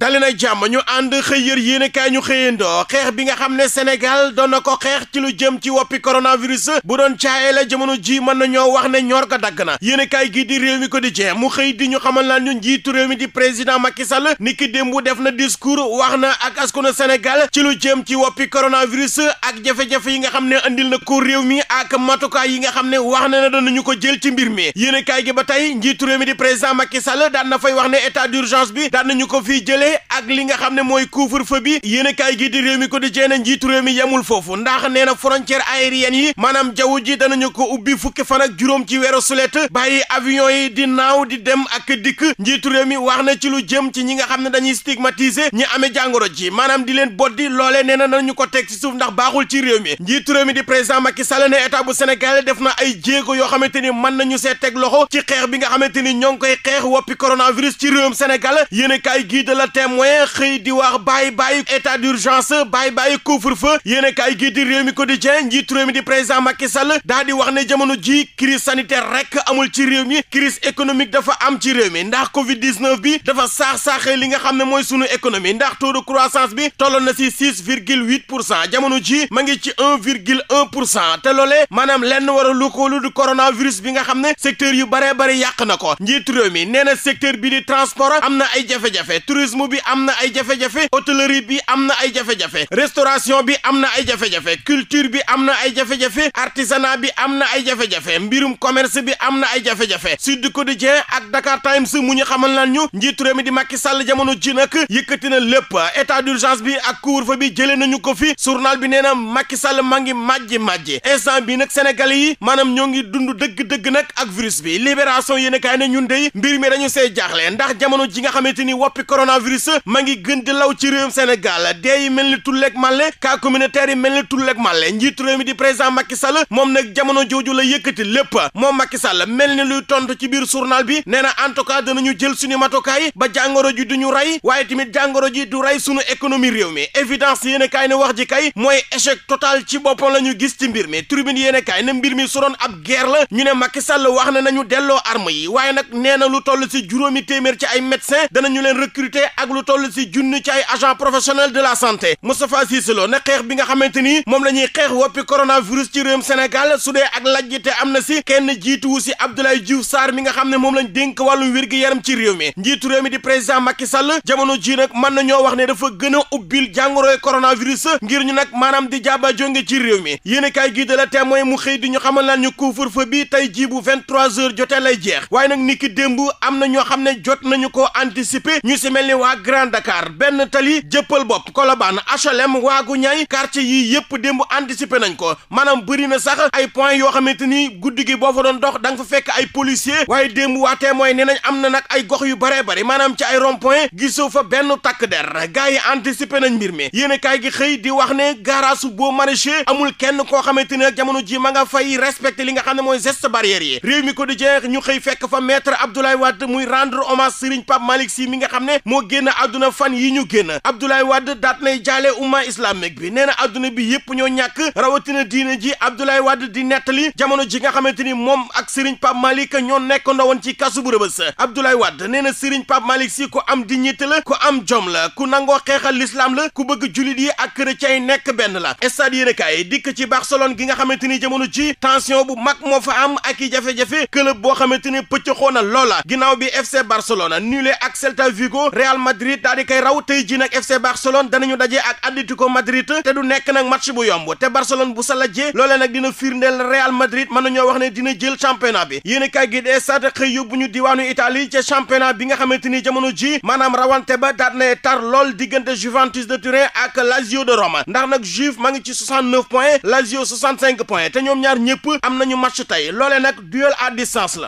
dali na jàmm ñu ànd xëy yër yéenekaay ñu xëyandoo xeex bi nga xam ne Sénégal doon na ko xeex ci lu jëm ci woppi coronavirus bu doon caayee jamono ji mën nañoo wax ne ñor ko dagg na yéenekaay gii di réew mi ko di jee mu xëy di ñu xamal naa ñu njiitu réew mi di président Macky Sall niki démb def na discours wax na ak askanu Sénégal ci lu jëm ci woppi coronavirus ak jafe-jafe yi nga xam ne indil na ko réew mi ak matukaay yi nga xam ne wax na ne danañu ko jël ci mbir mi yéenekaay gi ba tey njiitu réew mi di président Macky Sall daan na fay wax ne état d'urgence bi daan nañu ko fii jëlee boole ak li nga xam ne mooy couvre-feu bi yéen a kaay gi di réew mi quotidien njiitu réew mi yemul foofu ndax nee na frontière aérienne yi maanaam jaww ji danañu ko ubbi fukki fan ak juróom ci weeru sulet bàyyi avion yi di naaw di dem ak dikk njiitu réew mi wax na ci lu jëm ci ñi nga xam ne dañuy stigmatiser ñi amee jàngoro ji maanaam di leen boddi loole nee na ñu ko teg ci suuf ndax baaxul ci réew mi njiitu réew mi di président Macky Sall ne état bu Sénégal def na ay jéego yoo xamante ni mën nañu see teg loxo xeex bi nga xamante ni ñoo ngi koy xeex woppi coronavirus ci réewum Sénégal yéen a kaay gii témoin xëy di wax bàyyi bàyyi état d'urgence bàyyi bàyyi couvre-feu yéen a kaay gii di réew mi quotidien njiitu réew mi di président Macky Sall daa di wax ne jamono ji crise sanitaire rek amul ci réew mi crise économique dafa am ci réew mi ndax Covid 19 bi dafa saax saaxee li nga xam ne mooy sunu économie ndax taux de croissance bi tolloon na si six virgule huit pour cent jamono ji ma ngi ci un virgil un pour cent te loolee maanaam lenn war lu ko lu du coronavirus bi nga xam ne secteur yu baree bari yàq na ko njiitu réew mi nee na secteur bi di transport am na ay jafe tourisme bi am na ay jafe-jafe hôtellerie bi am na ay jafe-jafe restauration bi am na ay jafe-jafe culture bi am na ay jafe-jafe artisanat bi am na ay jafe-jafe mbirum commerce bi am na ay jafe-jafe Sud Quotidien ak Dakar Times mu ñu xamal lan ñu njiitu mi di Macky Sall jamono ji nag yëkkati na lépp état d'urgence bi ak couvre-feu bi jëlee nañu ko fi journal bi nee na Macky Sall maa ngi màjji màjji instant bi nag Sénégalais yi maanaam ñoo ngi dund dëgg-dëgg nag ak virus bi libération yéen a kaay ne ñun de mbir mi dañu see jaaxle virus ma ngi gën di law ci réewum Sénégal dee yi mel ni tulleeg màlle cas communautaire yi mel ni tulleeg màlle njiitu réew mi di président Macky Sall moom nag jamono jooju la yëkkati lépp moom Macky Sall mel ni luy tont ci biir journal bi nee na en tout cas danañu jël suñu matukaay ba jàngoro ji du ñu rey waaye tamit jàngoro ji du rey suñu économie réew mi évidence yéen a kaay ne wax ji kay mooy échec total ci boppam la ñu gis ci mbir mi tribune yéen a kaay ne mbir mi su doon ab guerre la ñu ne Macky Sall wax na nañu delloo arme yi waaye nag nee na lu toll si juróomi téeméer ci ay médecin danañu leen recruter ak lu toll si junni ci ay agent professionnel de la santé Moustapha Cissé Lo ne xeex bi nga xamante ni moom la ñuy xeex woppi coronavirus ci réewum Sénégal su dee ak lajjite am na si kenn jiituwu si Abdoulaye Diouf saar mi nga xam ne moom lañ dénk wàllum wér gi yaram ci réew mi njiitu réew mi di président Macky Sall jamono ji nag mën na ñoo wax ne dafa gën a ubbil jàngoroy coronavirus ngir ñu nag maanaam di jaaba jonge ci réew mi yéen kaay gi de la témoin mu xëy di ñu xamal laan ñu couvre-feu bi tey jii bu 23 heures lay jeex waaye nag niki démb am na ñoo xam ne jot nañu ko anticiper ñu ak Grand benn tali jëppal bopp Colobane HLM waagu ñay quartier yii yëpp démb anticiper nañ ko maanaam bëri na sax ay points yoo xamante ni guddi gi boo fa doon dox da fa fekk ay policier waaye démb waa témoin nee nañ am na nag ay gox yu baree bari maanaam ci ay rond point gisoo fa benn takk der gars yi anticiper nañ mbir mi yéen a gi xëy di wax ne garaasu boo maraîcher amul kenn koo xamante ni nag jamono ji ma nga fay respecté li nga xam ne mooy geste barrière yi réew ñu xëy fekk fa maître Abdoulaye Wade muy rendre hommage Serigne Pape Malick mi nga xam ne moo génn génn àdduna fan yi ñu génn Abdoulaye Wade daat nay jaale umma islamique bi neena na àdduna bi yépp ñoo ñàkk rawatina diina ji Abdoulaye Wade di nettali jamono ji nga xamante ni moom ak Serigne Pape Malick ñoo nekk ndawoon ci kasu bu Rëbës Abdoulaye Wade nee na Serigne Pape Malick si ku am dignité la ko am jom la ku nangoo xeexal l'islam la ku bëgg jullit yi ak chrétien yi nekk benn la stade yéenekaay dikk ci Barcelone gi nga xamante ni jamono ji tension bu mag moo fa am ak i jafe-jafe boo xamante ni pëcc xoona loola ginnaaw bi FC Barcelone nulé ak Celta Vigo Madrid daal di koy raw tey ji nag FC Barcelone danañu daje ak Atlético Madrid te du nekk nag match bu yomb te Barcelone bu sa lajjee loolee nag dina firndeel Real Madrid mën nañoo wax ne dina jël championnat bi yéen a kaay gi de Stades xëy yóbbu ñu diwaanu Italie ca championnat bi nga xamante ni jamono ji maanaam rawante ba daat na tar lool diggante Juventus de Turin ak Lazio de Roma ndax nag Juve maa ngi ci 69 points Lazio 65 points te ñoom ñaar ñëpp am nañu match tey loolee nag duel à distance la